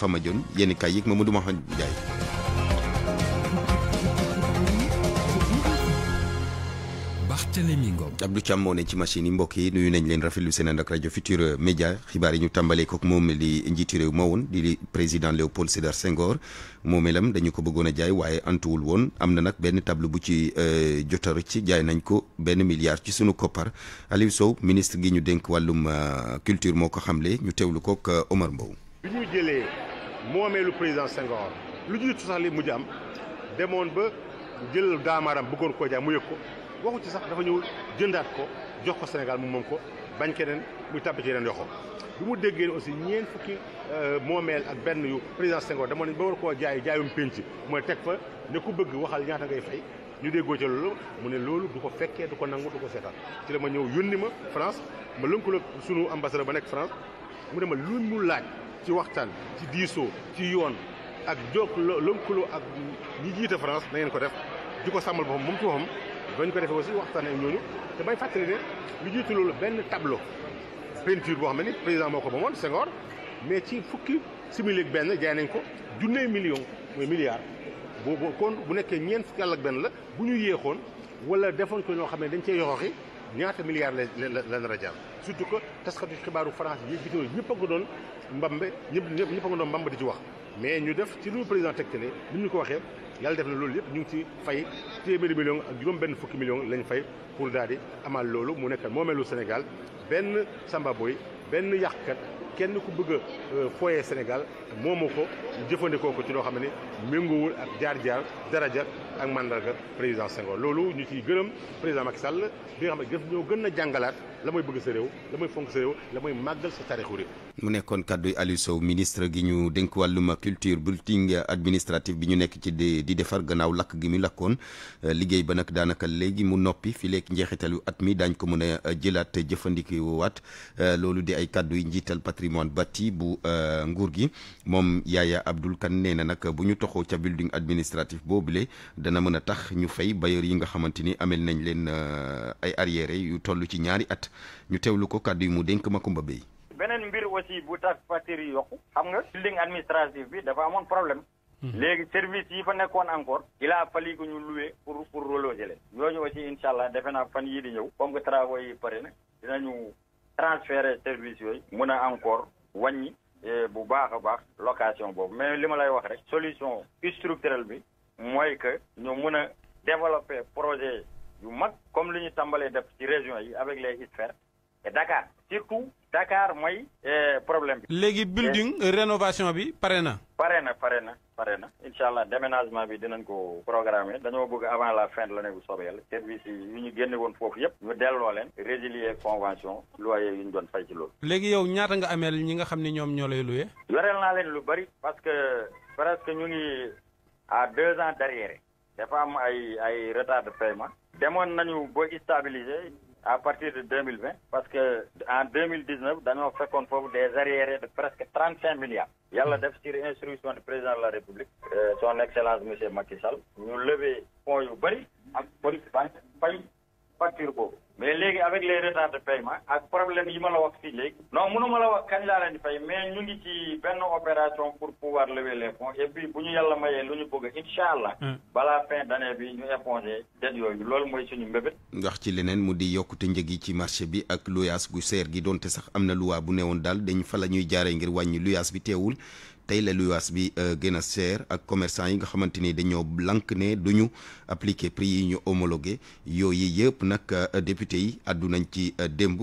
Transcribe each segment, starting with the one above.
Fama Dione yéen kay yeeg Mamadou Mahone Ndiaye. Abdou Thiam moo ne ci machine yi mbokk yi nuyu nañ leen rafetlu seen ànd ak rajo Futurs Médias xibaar yi ñu tàmbalee kook moom li njiitu réew ma woon di président Léopold Sédar moom moomeelam dañu ko bëggoon a jaay waaye antuwul woon am na nag benn table bu ci euh, jotaru ci jaay nañ ko benn milliard ci sunu koppar Aliou Sow ministre gi ñu dénk wàllum euh, culture moo ko xamle ñu teewlu kook euh, Omar Mbow moomeelu président Senghor lu jiitu sax li mujj am demoon ba jël daamaaram bëggoon koo jaay mu yëg ko waxu ci sax dafa ñëw jëndaat ko jox ko Sénégal mu moom ko bañ keneen muy tàbbi ci yeneen yoxo bi mu déggee ne aussi ñeen fukki euh, moomeel ak benn yu président Senghor demoon nañ ba war koo jaay jaayum pénc mooy teg fa ne ku bëgg waxal ñaata ngay fay ñu déggoo ca loolu mu ne loolu du ko fekkee du ko nangu du ko seetaan ci la ma ñëw yónni ma France ma lëkkaloo sunu ambassadeur ba nekk France mu ne ma lu laaj. ci waxtaan ci diisoo ci yoon ak jóg lëkkaloo ak ñi jiite France na ngeen ko def di ko sàmmal boppam moom ci boppam bañ ko defee aussi waxtaan ak ñooñu te may fàttali ne lu jiitu loolu benn tableau peinture boo xam ne ni président moo ko moomoon Senghor mais ci fukki simili benn jaay nañ ko junnee million mooy milliard boobu kon bu nekkee ñeent fukki àll ak benn la bu ñu yéexoon wala defoon ko ñoo xam ne dañ cee yoxoxi ñaata milliards la la la nar a jàll que taskatu xibaaru France yi vidéo ñëpp a nga doon mbambe ñëpp ñëpp a doon mbambe di ci wax mais ñu def ci lu président tegtale ni ñu ko waxee yàlla def na loolu yëpp ñu ngi ci fay téeméeri million ak juróom benn fukki million lañu fay pour daal di amal loolu mu nekk moomeelu Sénégal benn Samba Boy benn yàqkat kenn ku bëgg a euh, foyee Sénégal moomu ko jëfandikoo ko ci loo xam ne méngoowul ak jaar-jaar daraja ak mandarga président Senghor loolu ñu ciy gërëm président Macky bi nga xam ne daf ñoo gën na jàngalaat la mooy bëgg sa réew la mooy fonk sa réew la mooy màggal sa taarixu réew. mu nekkoon kàddu Aliou Sow ministre gi ñu dénk wàllum culture bulletin administratif bi ñu nekk ci di defar gannaaw lakk gi mu lakkoon euh, liggéey ba nag daanaka léegi mu noppi fi lekk yu at mi daañ ko mën a euh, jëlaat jëfandikoo waat euh, loolu di ay kàddu yi njiital patrimoine bâti bu nguur gi moom Yaya Abdoul kan nee na nag bu ñu toxoo ca building administratif boobule. na mën a tax ñu fay bailleur yi nga xamante ni amel nañ leen euh, ay arriéré yu toll ci ñaari at ñu teewlu ko kàddu yi mu ma Makumba Bey beneen mbir aussi bu tax factures yi yokku xam nga building administratif bi dafa amoon problème mhm. léegi service yi fa nekkoon encore il a fallu que ñu loué pour pour reloger leen ñooñu aussi incha allah defe naa fan yii di ñëw comme que travaux yi pare na dinañu transférer service yooyu mun a encore wàññi eh, bu baax a baax location boobu mais li ma lay wax rek solution structurelle bi mooy que ñoo mën a développer projet yu mag comme li ñu tàmbalee def ci région yi avec les ISFER et Dakar surtout Dakar mooy euh, problème bi. léegi building rénovation bi pare na. pare na pare na pare na incha allah déménagement bi dinañ ko programme dañoo bëgg avant la fin de l'année bu soobee yàlla service yi ñu génne woon foofu yëpp ñu delloo leen résilier convention loyer yu ñu doon fay ci loolu. léegi yow ñaata nga ameel ñi nga xam ni ñoom ñoo lay luye. yoreel lu bari parce que ngi. à deux ans derrière dafa a ay ay retard de paiement demoon nañu ba stabiliser à partir de deux mille vingt parce que en deux mille dix neuf dañoo fekkoon foofu des arriérés de presque trente cinq milliards yàlla def sur instruction du président de la république euh, son excellence monsieur Macky Sall ñu lever fonds yu bëri ak politique banque facture boobu. mais léegi avec les retards de paiement ak problème yi ma la wax fii léegi. non mënu ma la wax kañ laa leen di fay mais ñu ngi ci benn opération pour pouvoir lever les fonds et bu ñu yàlla mayee lu ñu bëgg incha allah. Hmm. balaa fin d'année bi ñu éponger dette yooyu loolu mooy suñu mbébét. ndax ci leneen mu di yokkute njëg yi ci marché bi ak luyaas gu seer gi donte sax am na luwaa bu newoon daal dañ fa la ñuy jaaree ngir wàññi luyaas bi teewul. tey la luwaas bi euh, gën a seer ak commerçant yi nga xamante ni dañoo lank ne duñu appliquer prix yi ñu homologué yooyu yëpp nag euh, député yi àddu ci euh, démb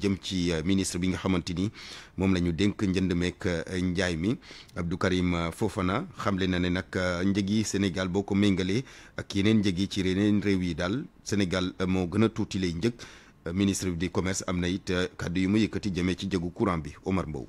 jëm ci ministre bi nga xamante ni moom la ñu dénk njënd meek njaay mi Abdou Karim xam xamle na ne nag njëg yi Sénégal boo ko méngalee ak yeneen njëg yi ci yeneen réew yi daal Sénégal moo gën a tuuti lay njëg ministre du commerce am na it kàddu yu mu yëkkati jëmee ci njëgu courant bi Omar Mbow.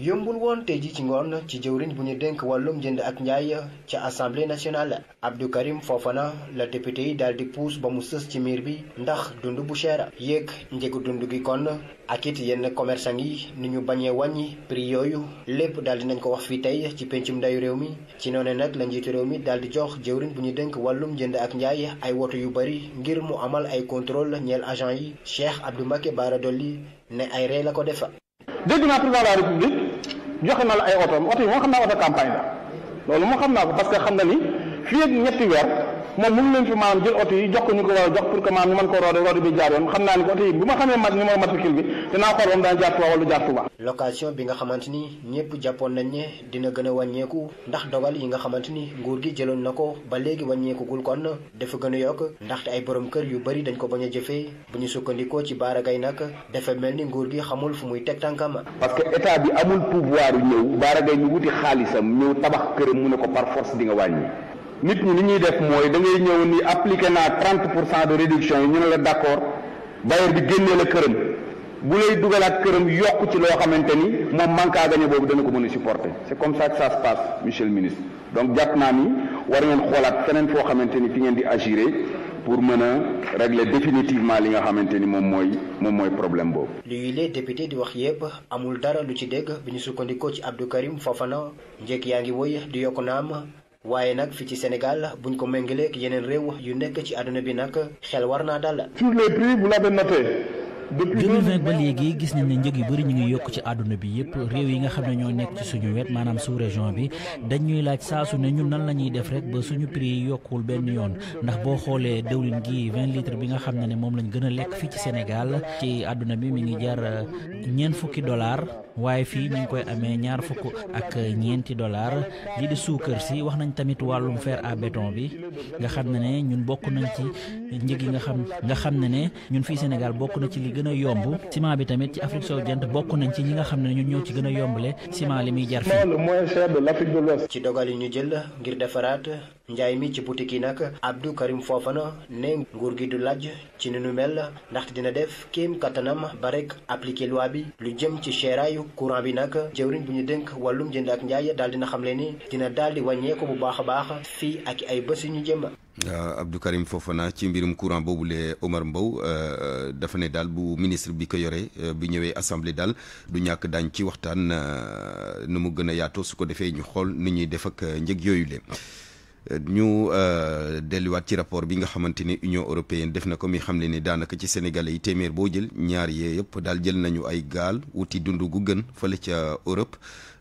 yombul woon tey ji ci ngoon ci jëwriñ bu ñu dénk wàllum jënd ak njaay ca assemblée nationale Abdou foofa Fofana la député yi daal di puus ba mu sës ci miir bi ndax dund bu cher yéeg njëgu dund gi kon ak it yenn commerçant yi ni ñu bañee wàññi prix yooyu lépp daal di nañ ko wax fii tey ci pencum ndayu réew mi ci noonu nag la njiitu réew mi daal di jox jëwriñ bu ñu dénk wàllum jënd ak njaay ay woto yu bari ngir mu amal ay contrôle ñeel agent yi Cheikh Abdou Mbacké Bara Dolly ne ay ree la ko defa joxe na la ay oto oto yi moo xam naa oto campagne loolu moo xam naa ko parce que xam na ni fii ak ñetti weer moom mënu leen fi maanaam jël oto yi jox ko ñu ko war a jox pour que maanaam ñu mën ko roode roode bi jaar yoon xam naa ni ko oto yi bu ma xamee mat numéro matricule bi dinaa xool moom daan jaar Tuuba wala jaar Tuuba location bi nga xamante ni ñëpp jàppoon nañ ne dina gën a wàññeeku ndax dogal yi nga xamante ni nguur gi jëloon na ko ba léegi wàññeekugul kon dafa gën a yokk ndaxte ay borom kër yu bari dañ ko bañ a jëfee bu ñu sukkandikoo ci baaragay nag dafa mel ni nguur gi xamul fu muy teg tànkam parce que état bi amul pouvoir yu ñëw baaragay ñu wuti xaalisam ñëw tabax këram mu ne ko par force di nga wàññi nit ñi li ñuy def mooy da ngay ñëw ni appliqué naa trente pour cent de réduction yi ñu ne la d' accord bailleur bi génnee la këram bu lay dugalaat këram yokk ci loo xamante ni moom manque à boobu dana ko mën a supporter c' est comme ça que ça se passe ministre donc jàpp naa ni war ngeen xoolaat feneen foo xamante ni fi ngeen di agiré pour mën a régler définitivement li nga xamante ni moom mooy moom mooy problème boobu. li les député di wax yépp amul dara lu ci dégg bi ñu sukkandikoo ci Abdou Karim Fofana njëkk yaa ngi woy di yokk naam waaye nag fi ci Sénégal buñ ko méngalee ak yeneen réew yu nekk ci àdduna bi nag xel war naa dal. sur les prix vous l'avez noté. depuis ba léegi gis nañ ne njëg yu bëri ñu ngi yokk ci àdduna bi yëpp réew yi nga xam ne ñoo nekk ci suñu wet maanaam sous région bi dañuy laaj saasu ne ñun nan la ñuy def rek ba suñu prix yi yokkuwul benn yoon ndax boo xoolee dëwlin gi 20 litres bi nga xam ne ne moom lañu gën a lekk fii ci Sénégal ci àdduna bi mu ngi jar ñeent fukki dollars. waaye fii ñu ngi koy amee ñaar fukk ak ñeenti dollar lii di suukar si wax nañ tamit wàllum fer à bi nga xam ne ne ñun bokk nañ ci njëg yi nga xam nga xam ne ne ñun fii Sénégal bokk na ci li gën a yomb ciment bi tamit ci Afrique soowu jant bokk nañ ci ñi nga xam ne ñun ñoo ci gën a yombale ciment li muy jar fii. ci dogal yi ñu jël ngir defaraat njaay mi ci boutique yi nag Abdou Karim na ne nguur gi du laaj ci ni nu mel ndaxte dina def kéem kattanam ba rek appliqué loi bi lu jëm ci seeraayu courant bi nag jëwriñ bu ñu dénk wàllum jënd ak njaay daal dina xam le ni dina daal di wàññeeku bu baax a baax fii ak ay bës yu ñu jëm. Abdou Karim naa ci mbirum courant boobu lee Omar Mbow euh, dafa ne daal bu ministre bi ko yore euh, bi ñëwee assemblée daal du ñàkk daañ ci waxtaan euh, nu mu gën a yaatoo su ko defee ñu xool nu ñuy def ak njëg yooyu le ñu euh, delluwaat ci rapport bi nga xamante ni Union européenne def na ko mi xam le ni daanaka ci Sénégalais yi téeméer boo jël ñaar yee yëpp daal jël nañu ay gaal wuti dund gu gën fële ca Europe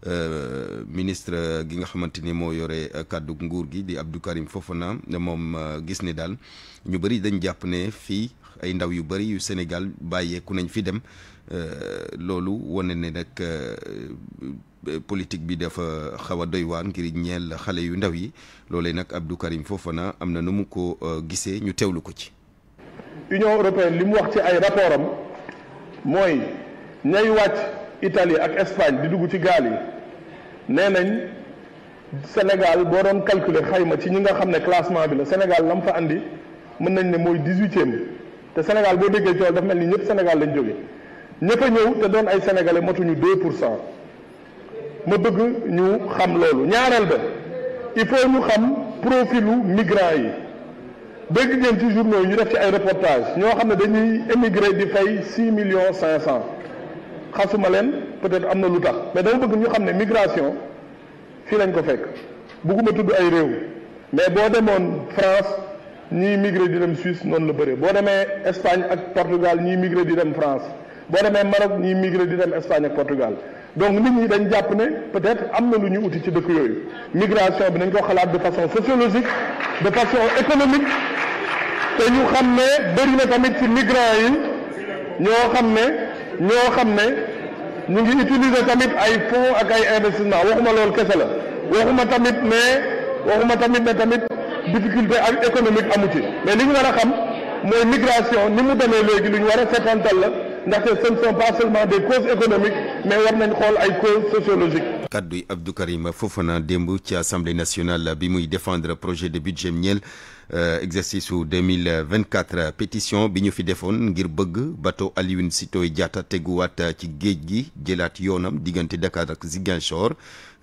euh, ministre gi nga xamante ni moo yore kàddu nguur gi di Abdou Karim Fofana moom euh, gis ne daal ñu bëri dañ jàpp ne fii ay ndaw yu bëri yu Sénégal bàyyeeku nañ fi dem loolu wane ne nag. politique bi dafa xaw a doy waan ngir ñeel xale yu ndaw yi loole nag Abdou Karim Fofana am na nu mu ko euh, gisee ñu teewlu ko ci. Union européenne li mu wax ci ay rapport mooy ñay wàcc Italie ak Espagne di dugg ci gaal yi nee nañ Sénégal boo doon calculer xayma ci ñi nga xam ne classement bi la Sénégal lam fa andi mën nañ ne mooy dix-huitième te Sénégal boo déggee ci dafa mel ni ñëpp Sénégal lañ jógee ñëpp a ñëw te doon ay sénégalais matuñu deux pour cent. ma bëgg ñu xam loolu ñaareel ba il faut ñu xam profilu migrant yi dégg ngeen ci journaux yi ñu def ci ay reportage ñoo xam ne dañuy émigré di fay six millions cinq cent xasuma leen peut-être am na lu tax mais dama bëgg ñu xam ne migration fii lañ ko fekk bëgguma tudd ay réew mais boo demoon France ñii migré di dem Suisse noonu la bëre boo demee Espagne ak Portugal ñii migré di dem France boo demee Maroc ñii migré di dem Espagne ak Portugal donc nit ñi dañ jàpp ne peut-être am na lu ñu uti ci dëkk yooyu migration bi nañ ko xalaat de façon sociologique de façon économique te ñu xam ne bëri na tamit ci migrants yi ñoo xam ne ñoo xam ne ñu ngi utiliser tamit ay fonds ak ay investissement waxuma loolu kese la waxuma tamit ne waxuma tamit ne tamit difficulté ak économique amu ci mais li ñu war a xam mooy migration ni mu demee léegi lu ñu war a setantal la ndaxte ce ne sont pas seulement des causes économiques mais war nañ xool ay causes sociologiques. kaddu yi Abdou Karim Fofana démb ci assemblée nationale bi muy défendre projet de budget ñeel. Euh, exercice su deux mille vingt quatre pétition bi ñu fi defoon ngir bëgg bateau Aline Sitoé Diatta teguwaat ci géej gi jëlaat yoonam diggante Dakar ak Ziguinchor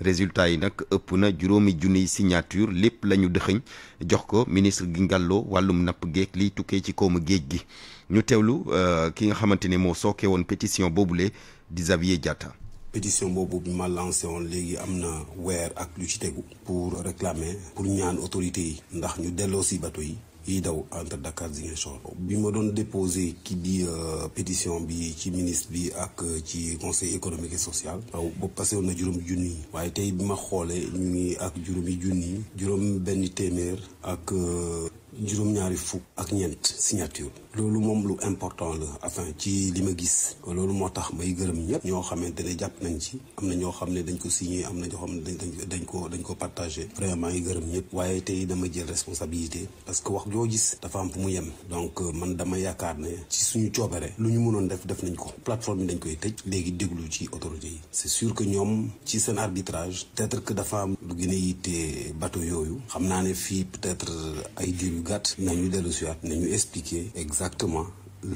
résultat yi nag ëpp na juróomi junniy signature lépp la ñu dëxëñ jox ko ministre gi ngàlloo wàllum napp géej li tukkee ci koomu géej gi ñu teewlu euh, ki nga xamante ne moo sooke woon pétition boobule di Xavier jata pétition boobu bi ma lancé woon léegi am na weer ak lu ci tegu pour réclamer pour ñaan autorité yi ndax ñu delloo si bato yi yiy daw entre Dakar Ziguinchor bi ma doon déposé ki bi euh, pétition bi ci ministre bi ak euh, ci conseil économique et social waaw boobu passé woon na juróom junni yi waaye tey bi ma xoolee ñu ngi ak juróomi junni juróom benn téeméer ak euh, juróom-ñaari fukk ak ñeent signature loolu moom lu important la afin ci li ma gis loolu moo tax may gërëm ñëpp ñoo xamante ne jàpp nañ ci am na ñoo xam ne dañ ko signé am na ñoo xam ne dañ dañ ko dañ ko partagé vraiment maa gërëm ñëpp waaye tey dama jël responsabilité parce que wax joo gis dafa am fu mu yem donc euh, man dama yaakaar ne ci suñu coobere lu ñu mënoon def def nañ ko plateforme bi dañ koy tëj léegi déglu ci autorité yi c'est sûr que ñoom ci seen arbitrage peut-être que dafa am lu gën a bateau yooyu xam naa ne fii peut-être euh, ay diir gàtt nañu dellu siwaat nañu expliquer exactement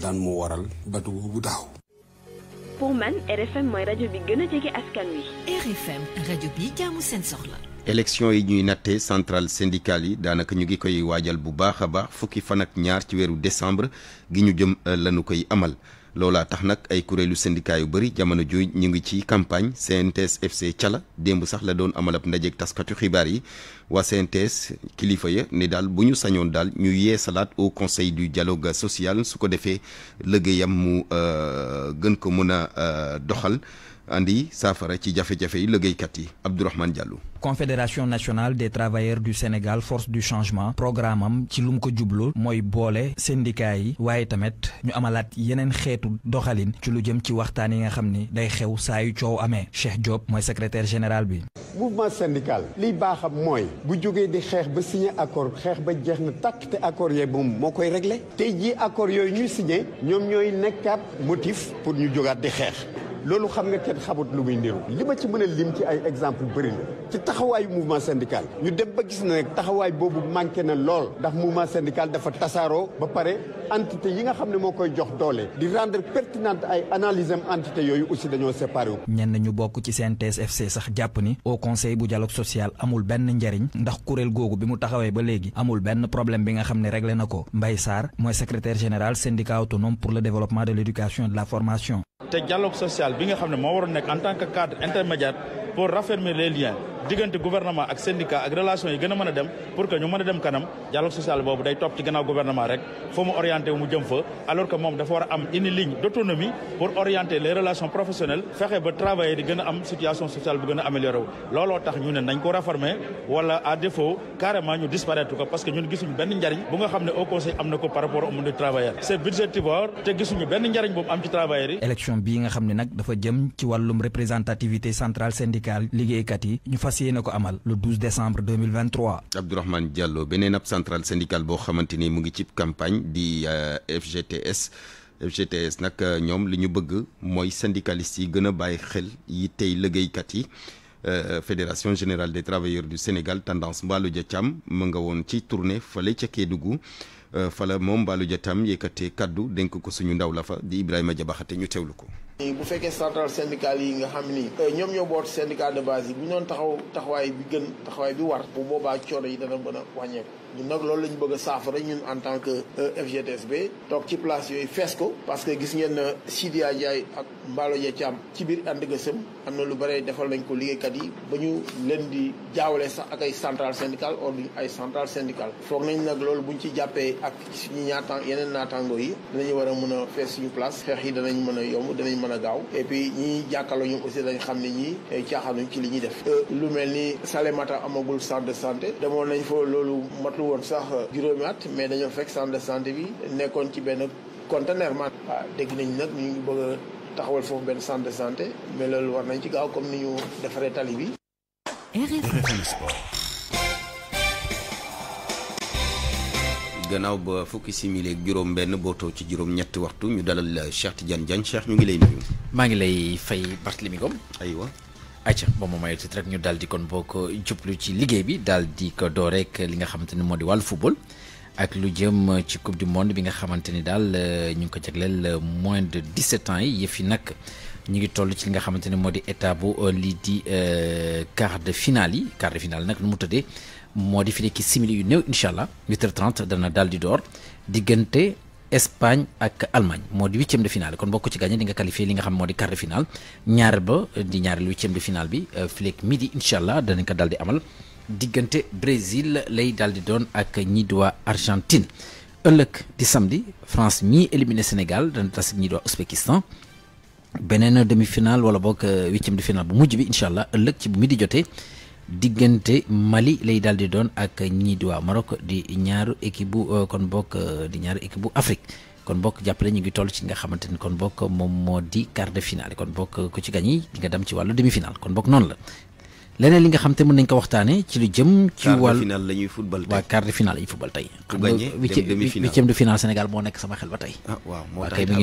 lan moo waral bateau boobu taxaw pour yi ñuy natte centrale syndicale yi daanaka ñu ngi koy waajal bu baax a baax fukki fan ak ñaar ci weeru décembre gi ñu jëm euh, lanu koy amal. loola tax nag ay kuréelu syndicat yu bëri jamono ju ñu ngi ci campagne CNTS FC Cala démb sax la doon amal ab ndajeeg taskatu xibaar yi wa CNTS kilifa ya ne daal bu ñu sañoon daal ñu yee salaat au conseil du dialogue social su ko defee yam mu euh, gën ko mën a euh, doxal. andi saafara ci jafe-jafe yi liggéeykat yi Abdourahmane Diallo. confédération nationale des travailleurs du Sénégal force du changement programme am ci lu mu ko jublu mooy boole syndicat yi waaye tamit ñu amalaat yeneen xeetu doxalin ci lu jëm ci waxtaan yi nga xam ni day xew saa yu coow amee Cheikh Diop mooy secrétaire général bi. mouvement syndical liy baaxam mooy bu jógee di xeex ba signé accord xeex ba jeex na tàkk te accord yooyu moom moo koy réglé tey jii accord di xeex. loolu xam nga kenn xamut lu muy niru li ma ci mën a lim ci ay exemple bëri na ci taxawaayu mouvement syndical ñu dem ba gis na nag taxawaay boobu manqué na lool ndax mouvement syndical dafa tasaaroo ba pare entité yi nga xam ne moo koy jox doole di rendre pertinente ay analyse am yooyu aussi dañoo séparé wu ñenn ñu bokk ci CNTS FC sax jàpp ni au conseil bu dialogue social amul benn njariñ ndax kuréel googu bi mu taxawee ba léegi amul benn problème bi nga xam ne réglé na ko Mbaye Sarr mooy secrétaire général syndicat autonome pour le développement de l'éducation et la formation te dialogue social bi nga xam ne moo waroon nekk en tan que cadre intermédiaire pour raffermir les liens diggante gouvernement ak syndicat ak relation yi gën a mën a dem pour que ñu mën a dem kanam dialogue social boobu day topp ci gannaaw gouvernement rek foo mu orienté wu mu jëm fa alors que moom dafa war a am une ligne d'autonomie pour orienter les relations professionnelles fexe ba travailler di gën a am situation sociale bu gën a looloo tax ñu ne nañ ko réformer wala à défaut carrément ñu disparaître ko parce que ñun gisuñu benn njariñ bu nga xam ne au ko par yi fas yéene ko amal le 12 décembre 2023. Abdourahmane Diallo beneen ab centrale syndicale boo xamante ni mu ngi ci campagne di euh, FGTS. FGTS nag euh, ñoom li ñu bëgg mooy syndicalistes yi gën a bàyyi xel yi tey liggéeykat yi euh, fédération générale des travailleurs du Sénégal tendance Mbalou Dia Thiam mu nga woon ci tournée fale ca Kédougou fala moom Mbalou Dia Thiam yëkkatee kaddu dénk ko suñu ndaw la fa di Ibrahima Jabaxate ñu teewlu ko. bu fekkee central syndical yi nga xam ni euh, ñoom ñoo boot syndicat de base yi bu ñu doon taxaw taxawaay bi gën taxawaay bi war bu boobaa coono yi dana mën a wàññeeku ñun nag loolu la ñu bëgg a saafara ñun en tant que euh, FGTSB toog ci place yooyu fees ko parce que gis ngeen na euh, Sidia Ndiaye ak Mballo Dia Thiam ci biir ànd gësëm am na lu bare defal nañ ko liggéeykat yi ba ñu leen di jaawale sax ak ay central syndical or duñ ay central syndical foog nañ nag loolu buñ ci jàppee ak suñu ñaata yeneen naataango yi dinañu a mën a fees suñu place xeex yi danañ mën a yomb mën a gaaw et puis ñi jàkkaarloo ñu aussi dañ xam ne ñi caaxaanuñ ci li ñuy def euh, lu mel ni Salémata amagul centre de santé demoon nañ fa loolu matul woon sax juróomi at mais dañoo fekk centre de santé bi nekkoon ci benn conteneur man waaw ah, dégg nañ nag ñu ngi bëgg a taxawal foofu benn centre de santé mais loolu war nañ ci gaaw comme ni ñu defaree tali bi gannaaw ba fukki simili ak juróom benn bootoo ci juróom ñetti waxtu ñu dalal Cheikh Tidiane Diagne Cheikh ñu ngi lay nuyu. maa ngi lay fay Barthélémy Ngom. aywa. acca ba mu may tuuti rek ñu daal di kon boo ko jublu ci liggéey bi daal di ko door rek li nga xamante ni moo di wàllu football. ak lu jëm ci coupe du monde bi nga xamante ni daal euh, ñu ngi ko jagleel euh, moins de 17 ans yi yëf yi nag ñu ngi toll ci li nga xamante ni moo di état bu euh, lii di quart de finale yi quart nag nu mu tëddee. moo di fi nekk simili yu néew incha allah 8h30 dana daal di door diggante Espagne ak Allemagne moo di huitième de finale kon bokk ci gagné di nga qualifié li nga xam moo di quart de finale ñaareel ba di ñaareel huitième de finale bi euh, fileeg midi incha allah danañ ko daal di amal diggante Brésil lay daal di doon ak ñi di waa Argentine ëllëg di samedi France mii élimine Sénégal dana tas ñi di waa Ouzbékistan beneen demi-finale wala boog euh, huitième de finale bu mujj bi incha allah ëllëg ci bu midi jotee. diggante Mali lay daal di doon ak ñii di waa Maroc di ñaaru équipe bu euh, kon bokk euh, di ñaaru équipe bu Afrique kon bokk jàppale ñu ngi toll ci nga xamante ni kon bokk moom moo di quart de finale kon bokk ko ci gañi yi nga dem ci wàllu demi-finale kon bokk noonu la leneen li nga xam te mën nañ ko waxtaane ci lu jëm ci wàllu final la ñuy football tey waaw quart de finale la ñuy football tey li nga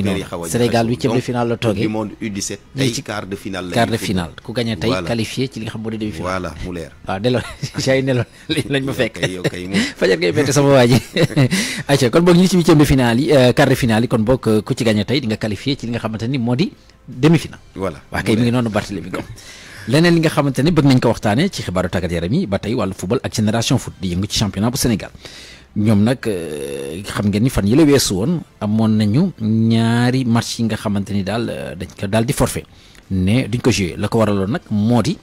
waa euh, quart de finale yi kon euh, tey xamante ni moo di demi finale voilà kay mi ngi noonu Barthélémy Ngom leneen li nga xamante ne bëgg nañ ko waxtaane ci xibaaru tàggat yaram yi ba tey wàllu football ak génération foot di yëngu ci championnat bu Sénégal ñoom nag euh, xam ngeen ni fan yi la weesu woon amoon nañu ñaari match yi nga xamante ni daal euh, dañ ko daal di forfait ne duñ ko joué la ko waraloon nag moo di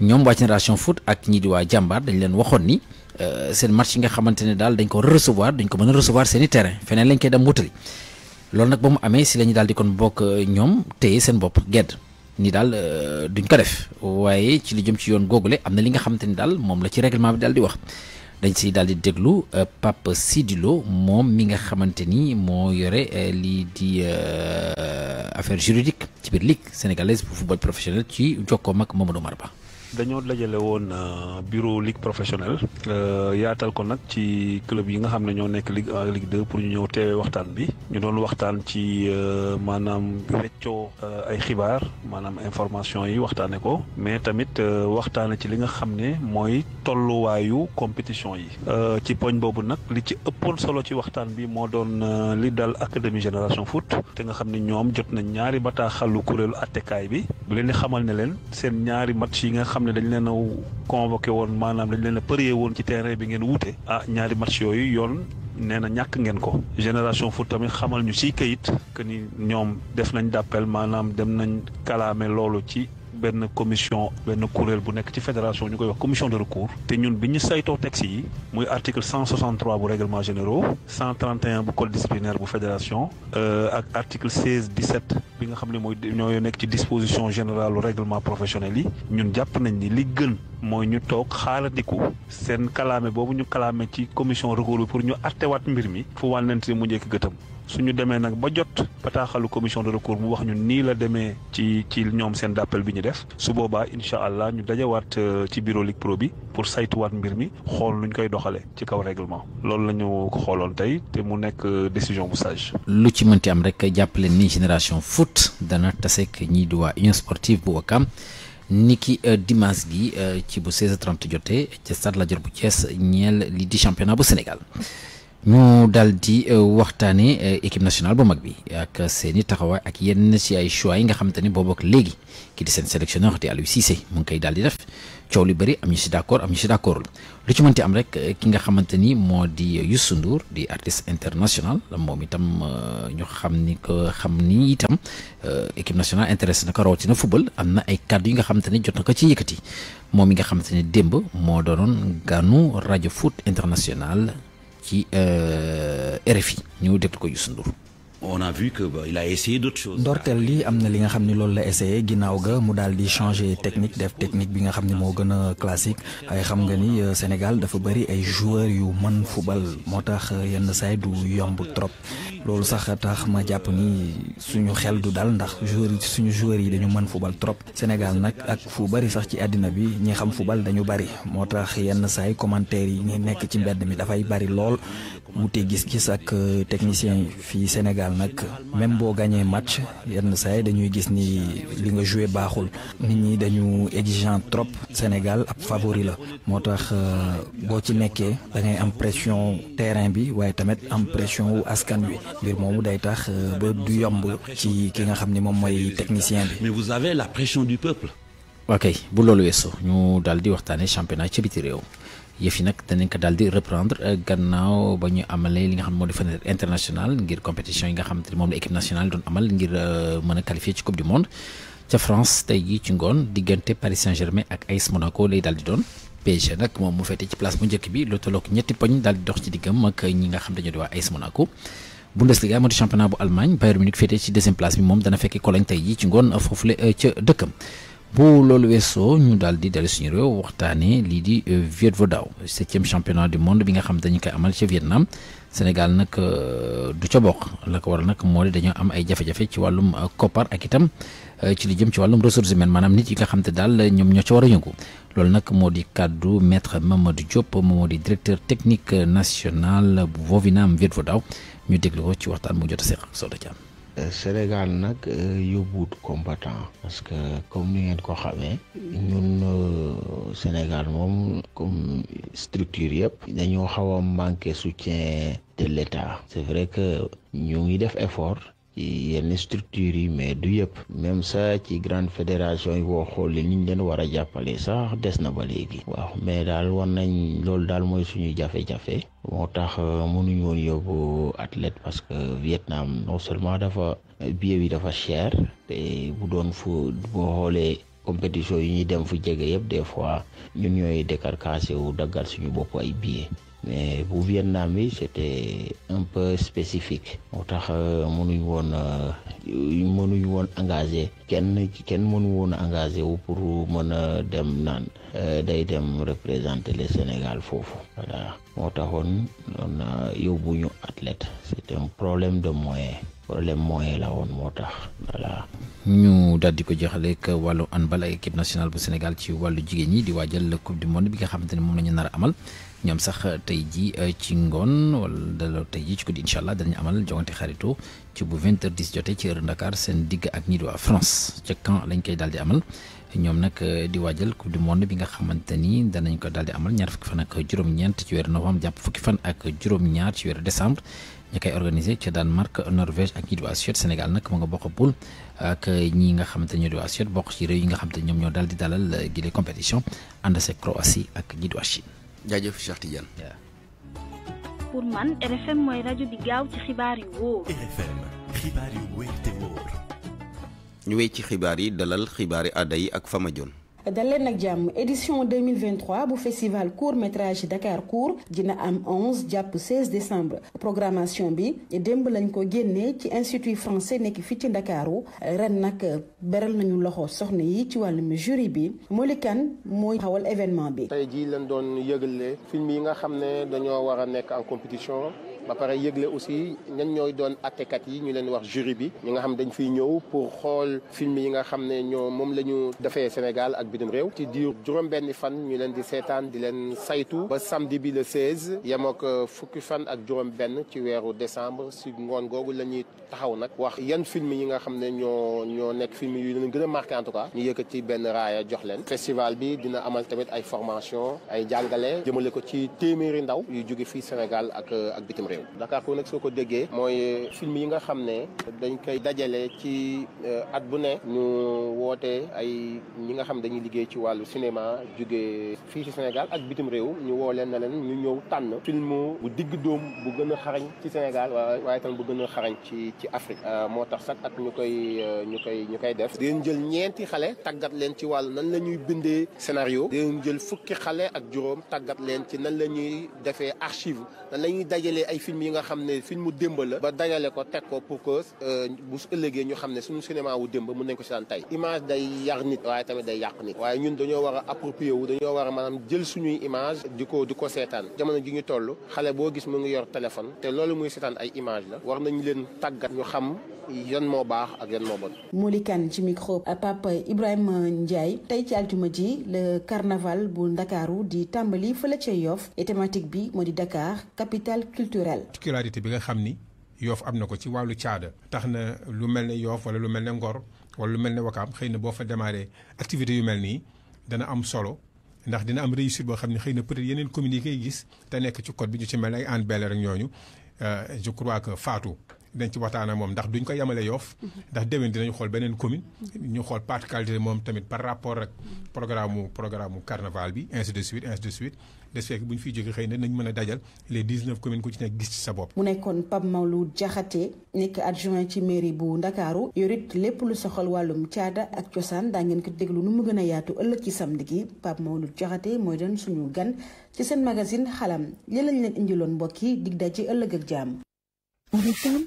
ñoom waa génération ak ñii di jàmbaar dañ leen waxoon ni euh, seen match yi nga xamante ne daal dañ ko recevoir dañ ko mën a recevoir seen i terrain feneen lañ koy dem wutali loolu nag ba mu amee si lañu ñu daal di kon bokk ñoom téye seen bopp gedd ni daal euh, duñ ko def waaye ci li jëm ci yoon googule am na li nga xamante ni daal moom la ci règlement bi daal di wax dañ si daal di déglu euh, Pape Sidi moom mi nga xamante ni moo yore euh, lii di affaire juridique ci biir ligue sénégalaise bu football professionnel ci jokkoom ak Mamadou Marba dañoo dajale woon euh, bureau ligue professionnelle euh, yaatal ko nag ci club yi nga xam ne ñoo nekk ligue 1 ligue 2 pour ñu ñëw teewee waxtaan bi ñu doon waxtaan ci euh, maanaam weccoo ay xibaar maanaam information yi waxtaane ko mais tamit waxtaane ci li nga xam ne mooy tolluwaayu compétition yi ci poñ boobu nag li ci ëppoon solo ci waxtaan bi moo doon li dal académie génération foot te nga xam ne ñoom jot na ñaari bataaxalu kuréelu attekaay bi bu leen di yi xam ne dañ leen a convoqué woon maanaam dañ leen a përie woon ci terrain bi ngeen wuute ah ñaari match yooyu yoon nee na ñàkk ngeen ko génération foot tamit xamal ñu ci kayit que ni ñoom def nañ d'appel maanaam dem nañ kalaame loolu ci benn commission benn kuréel bu nekk ci fédération ñu koy wax commission de recours te ñun bi ñu saytoo texte yi muy article 163 bu règlement généraux 131 bu code disciplinaire bu fédération euh, ak article 16 17 bi nga xam ne mooy ñooy nekk ci disposition générale règlement professionnel yi ñun jàpp nañ ni li gën mooy ñu toog xaarandiku seen kalaame boobu ñu kalaame ci commission recours bi pour ñu waat mbir mi fu wànnante mu njëkk gëtam suñu demee nag ba jot bataaxalu commission de recours mu wax ñu nii la demee ci ci ñoom seen d'appel bi ñu def su boobaa incha allah ñu dajawaat euh, ci bureau Ligue Pro bi pour saytuwaat mbir mi xool ñu koy doxalee ci kaw règlement loolu la ñu ko xooloon tey te mu nekk euh, décision bu sage. lu ci mënti am rek jàppale ni génération foot dana taseek ñii di waa union sportive bu Wakam niki euh, dimanche gi ci bu 16h30 jotee ca stade Lat Dior bu Thiès ñeel li di championnat bu Sénégal. ñu daal di euh, waxtaanee euh, équipe nationale bu mag bi ak seen i taxawaay ak yenn ci ay choix yi nga xam te ne léegi ki di seen sélectionneur di Aliou Cissé mu ngi koy daal di def coow lu bëri am ñu si d'accord am ñu ci d'accordul lu ci mënti am rek euh, ki nga xamante ni moo di Youssou Ndour di artiste international moom itam ñu xam ni xam ni itam équipe nationale intéressé na ko rawatina football am na ay kàddu yi nga xamante ni jot na ko ci yëkkati moom mi nga xamante ni démb moo doonoon ganu rajo foot international. ci euh, RFI ñu déglu ko Youssou Ndour on a vu que bah, il a essayé li am na li nga xam ni loolu la essayé ginnaaw ga mu daal di changer technique def technique bi nga xam ni moo gën a classique ay xam nga ni euh, Sénégal dafa bëri ay joueurs yu man football moo tax euh, yenn saay du yomb trop loolu sax tax ma jàpp ni suñu xel du dal ndax joueurs suñu joueurs yi dañu man football trop Sénégal nag ak fu bëri sax ci àddina bi ñi xam football dañu bëri moo tax yenn saay commentaires yi ñi nekk ci mbedd mi dafay bëri lool wute gis-gis ak euh, techniciens yi fii Sénégal. Sénégal nag même boo gañee match yenn saa dañuy gis ni li nga joué baaxul nit ñi dañu exigeant trop Sénégal ab favori la moo tax euh, boo ci nekkee da am pression terrain bi waaye tamit am pression wu askan wi mbir moomu day tax euh, ba du yomb ci ki nga xam ni moom mooy technicien bi. Mais vous avez la pression du peuple. ok bu loolu weesoo ñu daal di waxtaanee championnat ci biti réew. yëf yi nag danañ ko daal di reprendre euh, gannaaw ba ñu amalee li nga xam moo di fenêtre international ngir compétition yi nga xam te moom la équipe nationale doon amal ngir euh, mën qualifier ci coupe du monde ca France tey jii ci ngoon diggante Paris Saint-Germain ak AS Monaco lay daal di doon PSG nag moom mu féete ci place bu njëkk bi lu tolloog ñetti poñ daal di dox ci diggam ak ñi nga xam dañoo di waa AS Monaco Bundesliga moo di championnat bu Allemagne Bayern Munich féete ci dana fekki Cologne tey jii ci ngoon foofule euh, ca dëkkam bu loolu weesoo ñu daal di dellu suñu réew waxtaanee lii di euh, Viet Vo Dao septième championnat du monde bi nga xam dañu koy amal ca Vietnam Sénégal nag euh, du ca bokk la ko waral nag moo di dañoo am ay jafe-jafe ci wàllum euh, koppar ak itam ci li jëm ci wàllum ressources humaines maanaam nit yi nga xam te daal ñoom ñoo ca war a yëngu loolu nag moo di kàddu maître Mamadou Diop moo di directeur technique national bu Vovinam Viet Vo Dao ñu déglu ko ci waxtaan mu jot seq ak Soda Thiam Sénégal nag euh, yóbbuwut combattant parce que comme ni ngeen ko xamee ñun euh, Sénégal moom comme structure yëpp dañoo xaw a manqué soutien de l'État c'est vrai que ñu ngi def effort ci yenn structures yi mais du yëpp même sax ci grande fédération yi boo xoolee ni ñu leen war a jàppale sax des na ba léegi. waaw mais daal war nañ loolu daal mooy suñu jafe-jafe moo tax euh, mënuñu woon yóbbu athlète parce que Vietnam non seulement dafa billet bi dafa cher te bu doon fu boo compétition yi ñuy dem fu jege yëpp des fois ñun ñooy décarcassé wu daggal suñu bopp ay billets mais bu Vietnam bi c'était un peu spécifique moo tax euh, mënuñ woon euh, mënuñ woon engagé kenn kenn mënu woon engagé wu pour mën a dem naan euh, day dem représenter le Sénégal foofu moo taxoon noon yóbbu ñu athlète c'est un problème de moyens problème mooy la woon moo tax voilà. ñu daal di ko jeexaleeg wàllu handball ak équipe nationale bu Sénégal ci wàllu jigéen ñi di waajal coupe du monde bi nga xamante ne moom la ñu nar amal ñoom sax tey ji euh, ci ngoon wala dala tey ji ci guddi incha allah danañu amal jongante xaritu ci bu 20 h ci heure Dakar seen digg ak ñi di waa France ca koy daal di amal ñoom nag euh, di waajal coupe du monde bi nga xamante ni danañ ko daal di amal ñaar fukki fan ak juróom-ñeent ci weeru novembre jàpp fukki fan ak juróom-ñaar ci weeru décembre. ñi koy organisé ca Danemark Norvège ak ñi di nag mu nga bokk poule ak ñi nga xamante ñoo di waa Suède bokk ci yi nga xamante ñoom ñoo daal di dalal gi les compétition ànd sa Croatie ak ñi jaajëf Cheikh Tidiane. pour ñu wéy ci xibaar yi dalal xibaari aada yi ak Fama Dione. daleen nag jàmm édition 2023 bu festival court métrage Dakar Court dina am 11 jàpp 16 décembre programmation bi démb lañ ko génnee ci institut français nekk fii ci Ndakaaru ren nag beral nañu loxo soxna yi ci wàllum jury bi Moli mooy xawal événement bi. tey jii lañ doon yëgalee film yi nga xam ne dañoo war a nekk en compétition. ba pare yëgle aussi ñan ñooy doon attekat yi ñu leen wax jury bi ñi nga xam dañ fi ñëw pour xool film yi nga xam ne ñoo moom la ñu defee Sénégal ak bitim réew ci diir juróom-benni fan ñu leen di seetaan di leen saytu ba samedi bi le 16 yem ak euh, fukki fan ak juróom-benn ci weeru décembre si ngoon googu la ñuy taxaw nag wax yan film yi nga xam ne ñoo ñoo nekk film yu leen gën a marqué en tout cas ñu yëkkati benn raaya jox leen festival bi dina amal tamit ay formation ay jàngale jëmale ko ci téeméeri ndaw yu jóge fii Sénégal ak euh, ak bitim Dakar ko nag soo ko déggee mooy film yi nga xam ne dañ koy dajale ci euh, at bu ne ñu woote ay ñi nga xam dañuy liggéey ci wàllu cinéma jóge fii ci Sénégal ak bitim réew ñu woo leen na leen ñu ñëw tànn film bu digg doom bu gën a xarañ ci Sénégal waaye tamit bu gën a xarañ ci ci Afrique euh, moo tax sax ak ñu koy euh, ñu koy ñu koy def dinañ jël ñeenti xale tàggat leen ci wàllu nan la ñuy bindee scénario dinañ jël fukki xale ak juróom tàggat leen ci nan la ñuy defee archive film yi nga xam ne film mu démb la ba dajale ko teg ko pour que euh, bu ëllëgee ñu xam ne suñu cinéma wu démb mën nañ ko seetaan tey image day yar nit waaye tamit day yàq nit waaye ñun dañoo war a approprier wu dañoo war a maanaam jël suñuy image di ko di ko seetaan jamono ji ñu toll xale boo gis mu ngi yor téléphone te loolu muy seetaan ay image la war nañu leen tàggat ñu xam yoon moo baax ak yan moo bon Mody Kane ci micro Papa Ibrahima Ndiaye tey ci altuma ji le carnaval bu Ndakaaru di tàmbali fële ca Yoff et bi moo di Dakar culturel. bi nga xam ni yoof am na ko ci wàllu caada. tax na lu mel ne yoof wala lu mel ne ngor wala lu mel ne wakaam xëy na boo fa démarré activité yu mel nii dana am solo ndax dina am réussite boo xam ne xëy na peut-être yeneen communes yi koy gis te nekk ci code bi ñu ci mel ne ay Hann Bel-Air ak ñooñu euh, je crois que Fatou. dañ ci waxtaan ak moom ndax duñ ko yemale yoof ndax déwén dinañu xool beneen commune ñu xool particularité moom tamit par rapport ak programme mu programme mu carnaval bi ainsi de suite ainsi de suite de ce bu ñu fiy jógee xëy na nañ mën a dajal les 19 communes ku ci nekk gis ci sa bopp mu nekkoon Pape Maodo Diakhaté nekk adjoint ci mairie bu Ndakaaru yorit lépp lu soxal wàllum caada ak cosaan daa ngeen ko déglu nu mu gën a yaatu ëllëg ci samedi gi Pape Maodo Diakhaté mooy doon suñu gan ci seen magazine xalam indiloon mbokk yi dig daje ëllëg ak jàmm RFM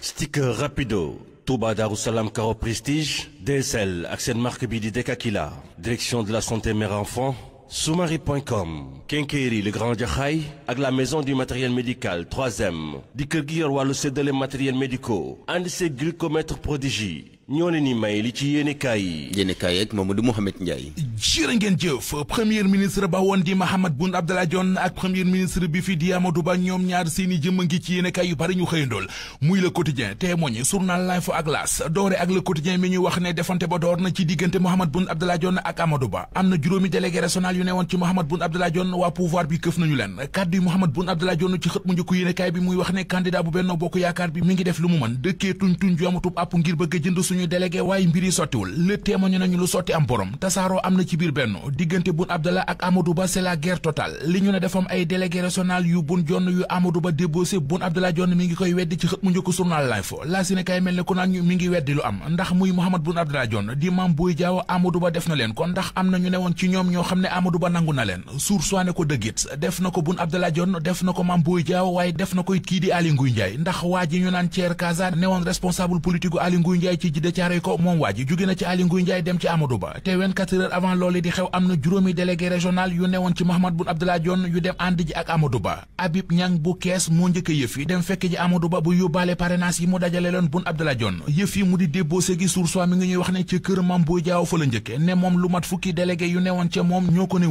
sticker rapido Touba Darou Salam Caro Prestige DSL ak seen marque bi di Dekakila direction de la santé mère enfant soumari.com Quincaillerie le Grand Jaxaay ak la maison du matériel médical 3M di kër gi yor wàllu séddale matériel médicaux ànd seeg glucomètre prodigie ñoo leen ni may li ci yéenekaay yéenekaay ak Mamadou ba woon di Mahammed Boun Abdallah Dionne ak premier ministre bi fi di Amadou Ba ñoom ñaar seeni a ngi ci yéenekaay yu bari ñu xëyandool muy le quotidien témoigne journal L'Info ak L'As doore ak le quotidien mi ñu wax ne defante ba door na ci diggante Mahammed Boun Abdallah Dionne ak Amadou Ba am na juróomi délégué régional yu newoon ci Mahammed Boun Abdallah Dionne waa pouvoir bi këf nañu leen kàddu yi Mahammed Boun ngi def lu mu mën ñu délégué waaye mbiri sottiwul le ndax muy Mouhamed Boun Abdallah Dionne di Mame Boye Diao Amadou Ba def na leen ko ndax am na ñu ne woon ci ñoom ñoo xam ne Amadou Ba nangu na leen suur soine ko dëggit def na ko Boun Abdallah Dionne def na ko Mame Boye Diao waaye def na ko kii di Aly Ngouille Ndiaye ndax waa ji ñu naan Thier Kaza newoon responsable politique u Aly Ngouille Ndiaye ci de Thiaroye moom waa ji jóge na ci Aly Ngouille dem ci Amadou Ba te 24 heures avant loolu di xew am na juróomi délégué régional yu newoon ci Mahammed Boun Abdallah Dionne yu dem ànd ji ak Amadou Ba Habib Niang bu kees moo njëkk yëf yi dem fekk ji Amadou Ba bu yóbbaale parrainage yi mu dajale loon Boun Abdallah Dionne yëf yi mu di déboose gi source mi ngi ñuy wax ne ci kër Mame Boye Diao fa la njëkke ne moom lu mat fukki délégué yu newoon ca moom ñoo ko ne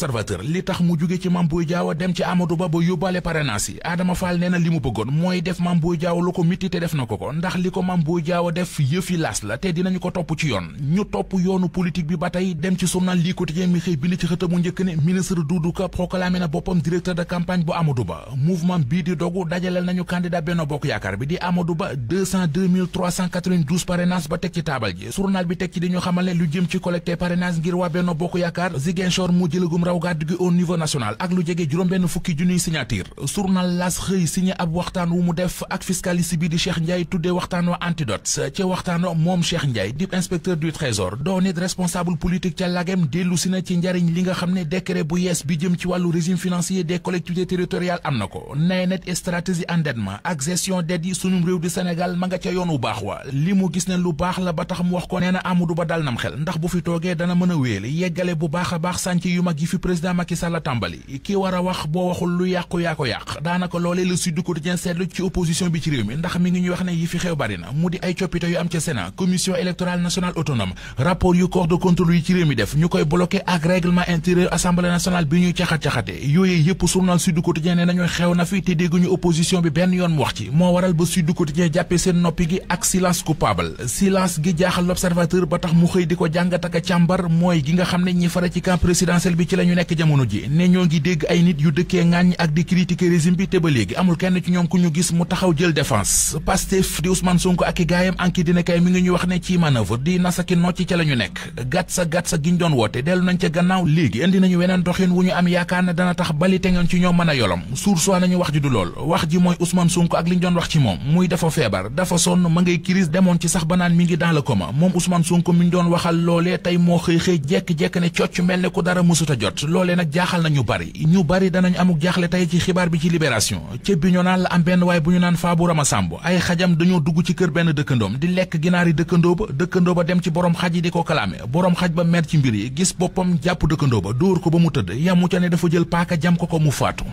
l'observateur li tax mu jóge ci Mame Boye Diao dem ci Amadou Ba ba yóbbaale parrainage yi Adama Fall nee na li mu bëggoon mooy def Mame Boye Diao lu ko mitti te def na ko ko ndax li ko Mame Boye Diao def yëfi laas la te dinañu ko topp ci yoon ñu topp yoonu politique bi ba tey dem ci journal Le Quotidien mi xëy bind ci xëtamu njëkk ne ministre Doudou Ka na boppam directeur de campagne bu Amadou Ba mouvement bii di dogu dajaleel nañu candidat Benno Bokk Yaakaar raw gàddu gi au niveau national ak lu jege juróom-benn fukki junniy signature journal L'As xëy signé ab waxtaan wu mu def ak fiscaliste bi di Cheikh Ndiaye tuddee waxtaan wa antidote ca waxtaan wa moom Cheikh Ndiaye dip inspecteur du trésor doonit responsable politique ca lagem dellu na ci njariñ li nga xam ne décret bu yees bi jëm ci wàllu régime financier des collectivités territoriales am na ko nay net stratégie endettement ak gestion dette yi sunum réew di Sénégal ma nga ca yoon wu baax wa li mu gis ne lu baax la ba tax mu wax ko nee na Amadou Ba dal nam xel ndax bu a fi président Macky Sall la tàmbali ki war a wax boo waxul lu yàqu yaa ko yàq daanaka loolee le Sud Quotidien seetlu ci opposition bi ci réew mi ndax mi ngi ñuy wax ne yi fi xew bari mu di ay coppite yu am ca Sénat commission électorale nationale autonome rapport yu corps de contrôle yi ci réew mi def ñu koy bloqué ak règlement intérieur assemblée nationale bi ñuy caxat-caxate yooyee yëpp journal Sud Quotidien ne nañu xew na fi te dégguñu opposition bi benn yoon mu la nekk jamono ji ne ñoo ngi dégg ay nit yu dëkkee ŋàññ ak di critiquer bi te ba léegi amul kenn ci ñoom ku ñu gis mu taxaw jël défense Pastef di Ousmane Sonko ak i gaayam enquête dina kay mi ngi ñu wax ne ci manœuvre di nasaki nocc ca la ñu nekk gàtt sa gàtt sa giñ doon woote dellu nañ ca gannaaw léegi indi nañu weneen doxin wu ñu am yaakaar ne dana tax bali te ngeen ci ñoom mën a yolom sursoi nañu wax ji du lool wax ji mooy Ousmane Sonko jot loolee nag jaaxal na ñu bari ñu bari danañ amuk jaaxle tey ci xibaar bi ci libération ca Bignona la am benn waaye bu ñu naan Faabu Ramasamb ay xajam dañoo dugg ci kër benn dëkkandoom di lekk ginaar yi dëkkandoo ba dëkkandoo ba dem ci borom xaj yi di ko kalaame borom xaj ba mer ci mbir yi gis boppam jàpp dëkkandoo ba dóor ko ba mu tëdd yamu ca ne dafa jël paaka jam ko ko mu faatu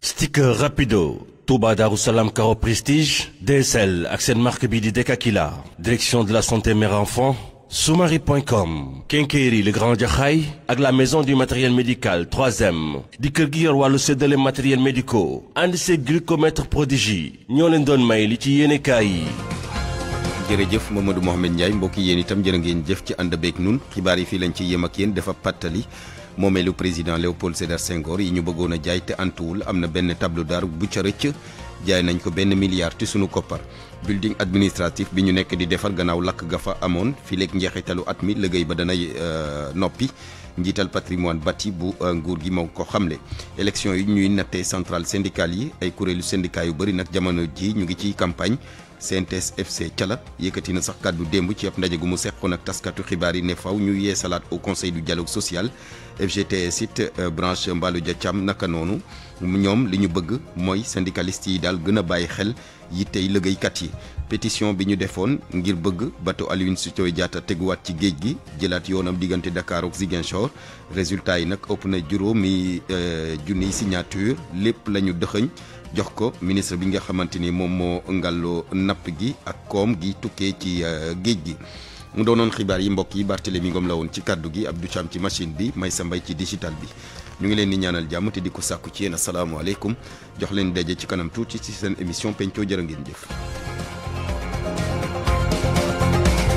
sticker rapido Touba Darou Salam Caro Prestige DSL ak seen marque bi di Dekakila direction de la santé mère enfant sumari Soumari.com Kenkeyri le Grand Jaxaay ak la maison du matériel médical 3 di kër gi yor wàllu séddale matériel médicaux ànd seeg glucomètre prodigie ñoo leen doon may li ci yéenekaay yi. jëf jërëjëf Mamadou Mohamed Ndiaye mbokki yéen itam jërë ngeen jëf ci ànd beeg nun xibaar yi fii lañ ci yem ak yéen dafa pàttali. moomeelu président Léopold Sédar Senghor yi ñu bëggoon a jaay te antuwul am na benn tableau d'art bu ca rëcc jaay nañ ko benn milliard ci sunu koppar. building administratif bi ñu nekk di defar gannaaw lakk ga fa amoon fileeg njeexitalu at mi liggéey ba danay euh, noppi njiital patrimoine bati bu euh, nguur gi moo ko xamle élection yi ñuy nattee central syndicale yi ay kuréelu syndicat yu bari nag jamono ji ñu ngi ciy campagne CNTS FC Thiala yëkkati na sax kàddu démb ci ab ndaje gu mu seqoon ak taskatu xibaar yi ne faw ñu salaat au conseil du dialogue social FGTS it euh, branche Mballo Dia Thiam naka noonu ñoom li ñu bëgg mooy syndicaliste yi daal gën a bàyyi xel yi tey liggéeykat yi pétition bi ñu defoon ngir bëgg bateau Aline Sitoé Diatta teguwaat ci géej gi jëlaat yoonam diggante Dakar ak Ziguinchor résultat yi nag ëpp na juróomi euh, junniy signature lépp lañu ñu dëxëñ jox ko ministre bi nga xamante ni moom moo ngàlloo napp gi ak koom gi tukkee ci euh, géej gi. mu doonoon xibaar yi mbokk yi Barthélémy Ngom la woon ci kàddu gi du Cham ci machine bi sa Mbay ci digital bi. ñu ngi leen di ñaanal jàmm te di ko sàkku ci yéen asalaamaaleykum jox leen daje ci kanam tuuti ci seen émission pencoo jërë ngeen jëf